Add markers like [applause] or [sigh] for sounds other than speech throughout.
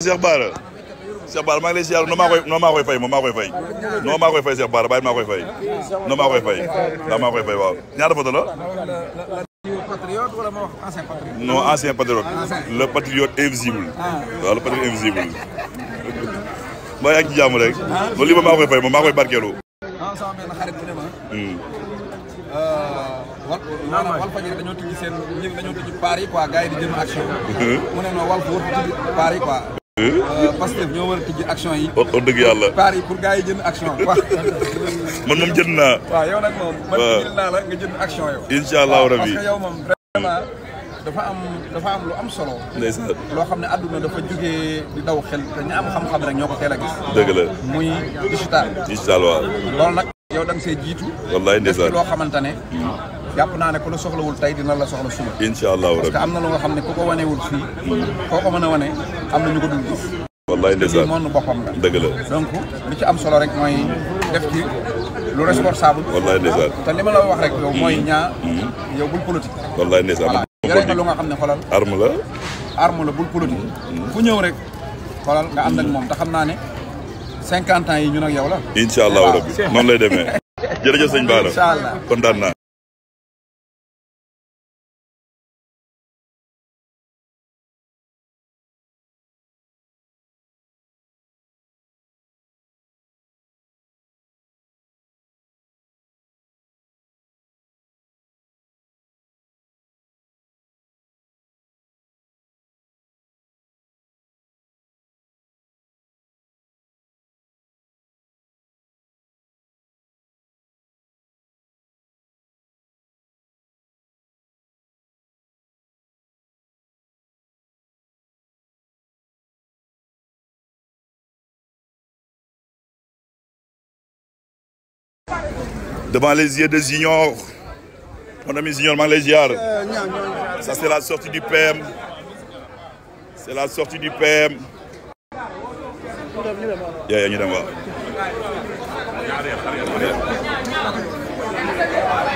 Cheikh Bara Cheikh Bara maa ngi lay ziar noo maa koy noo maa koy fay moom maa koy fay noo maa koy fay Cheikh Bara bàyyi maa koy fay noo maa koy fay ndax maa koy fay waaw ñaata photo la non ancien patriote le patriote invisible waaw le patriote invisible mbaa yaa ngi ci jàmm rek loolu lii moom maa koy fay moom maa koy barkeelu hmm. euh, wal maanaam wal fajiri dañoo tijji seen ñi dañoo tijji paar yi quoi gars yi di jëm action hmm. mu ne noo wal fu wut tijji paar yi quoi Euh, parce que ñoo a tijji action yi. wax dëgg yàlla par yi pour gars yi jënd action quoi. moom jënd naa. waaw nag moom. man jënd naa la nga jënd action yow. incha allahu rabi parce que moom vraiment. dafa am lu am solo. loo xam ne àdduna dafa jógee di daw xel te ñi xam-xam ñoo ko teel a gis. dëgg la muy digital. digital waaw loolu nag. yow da nga see jiitu. wallaay ndeysaan loo xamante ne. jàpp naa ne soxla wul soxlawul tey dina la soxla suba. incha allahu rabi am na lu nga xam ne ku ko wanewul wul koo ko mën a wane am na ñu ko dul gis. wallaay ndeysaan lii moonu boppam la. dëgg la donc li ci am solo rek mooy def ci lu responsable. wallaay ndeysaan te li ma la wax rek yow mooy mm-hmm. ñaa. Mm-hmm. yow bul politique. wallaay ndeysaan voilà yore nga lu nga xam ne xolal. arme la. arme la bul politique. fu mm-hmm. ñëw rek xolal nga ànd ak moom te xam naa ne. cinquante ans yi ñun ak yow la. incha allahu rabi noonu lay demee [laughs] jërëjëf sëñ Bara kontaan naa. devant les yeux de Junior mon ami Junior maa eh, c'est la sortie du PM c'est la sortie du PM yaa ñu dem waaw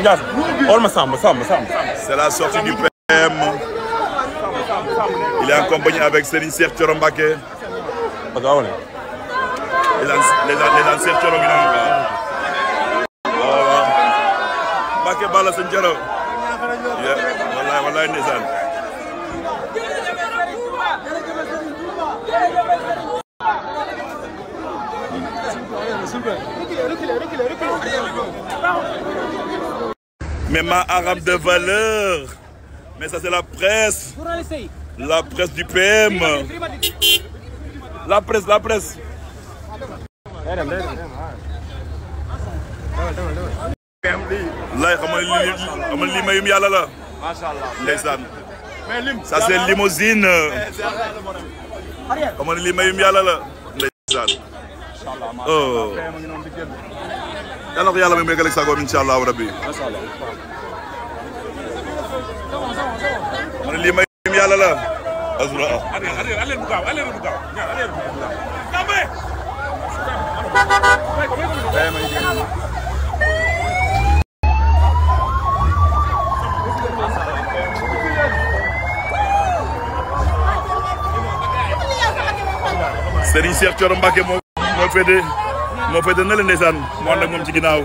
Ndiaye xool ma la sortie du PM il est en avec Serigne en Serigne Mbacke Balla sëñ Jaraw wallaay wallaay mais ma arabe de valeur mais ça c'est la presse la presse du PM la presse la presse wallaay xamal li xamal li mayum yàlla la. macha allah ndeysaan. mais lim ça c'est limousine. Eh, xamal li mayum yàlla la. ndeysaan. oh. yal na ko yàlla may méngaleeg sagoom incha allahu rabbi. macha allah. xamal li mayum yàlla la. azura ah. allez allez allez bu gaaw allez bu gaaw allez bu gaaw. Serigne Cheikh Thioro Mbacke moo moo féete moo féete na ndeysaan moo ànd ak moom ci ginnaaw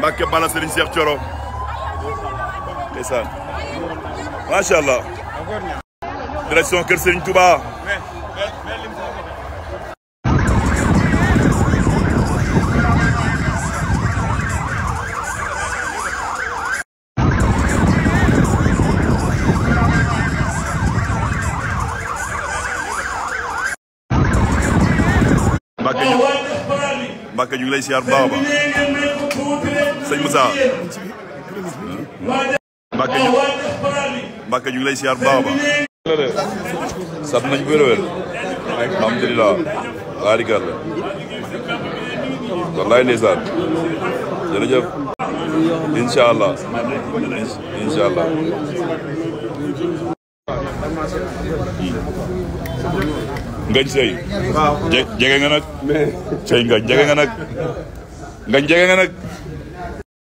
Mbacke bala Serigne Cheikh Thioro ndeysaan Mbacke ñu ngi lay siyaar bu baax a baax sëñ Moussa Mbacke ñu Mbacke ñu ngi lay siyaar bu baax a baax sant nañ wér wér alhamdulilah baarikal la wallaay ndeysaan jërëjëf incha allah incha allah ngañ sëy jege nga nag sëy ngañ jege nga nag ngañ jege nga nag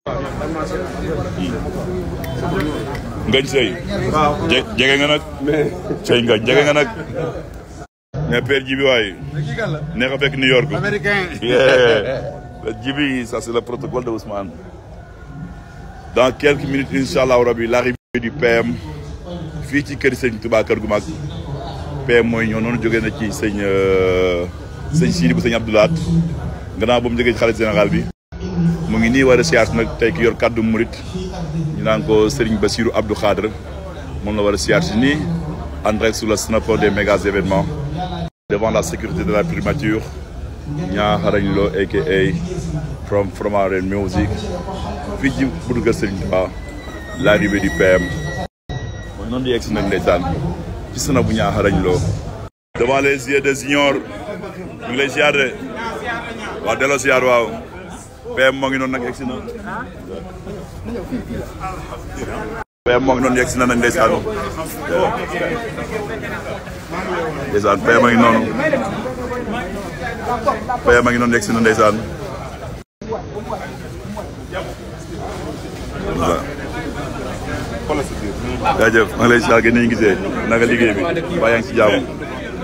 ngañ jege nga nag sëy jege nga nag mais père Djibi waay neex a fekk New York Djibi ça c'est le protocole de Ousmane dans quelques minutes incha allah rabi l'arrivée du PM fii ci kër Sëñ Touba kër gu mag paix mooy ñoo noonu jógee na ci sëñ euh, sëñ Sidi bu sëñ Abdoulaat gannaaw ba mu jógee ci xalifa général bi mu ngi nii war a siyaas nag tey ki yor kàddu murit ñu naan ko Serigne Bassirou Abdou Khadre moom la war a siyaas nii en direct sur le Snapchat des méga événements devant la sécurité de la primature ñaa xarañ loo aka from from our music fii ci Burga Serigne Touba l'arrivée di yegg ci bu ñaa xarañ loo devant les yeux des juniors ñu ngi lay ziar de waaw delloo ziar waaw PM moo ngi noonu nag yegsi na PM moo ngi noonu yegsi na nag ndeysaan ndeysaan PM a ngi noonu PM a ngi noonu yegsi na ndeysaan jaajëf maa ngi lay saa gën a gisee naka liggéey bi waaye yaa ngi ci jàmm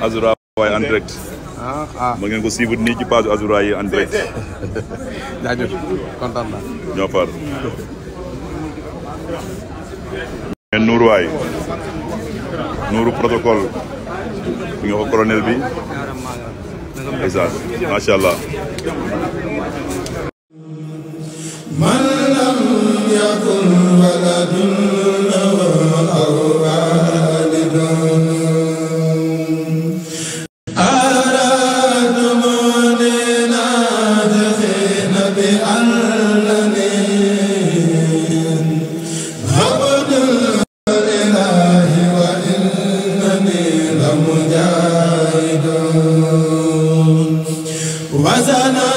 Azoura ah, ah. ma ngeen ko suivre nii ci page Azoura yi [laughs] ñoo far ngeen nuuru nuuru protocole bi nga ko colonel bi ndeysaan allah وزنا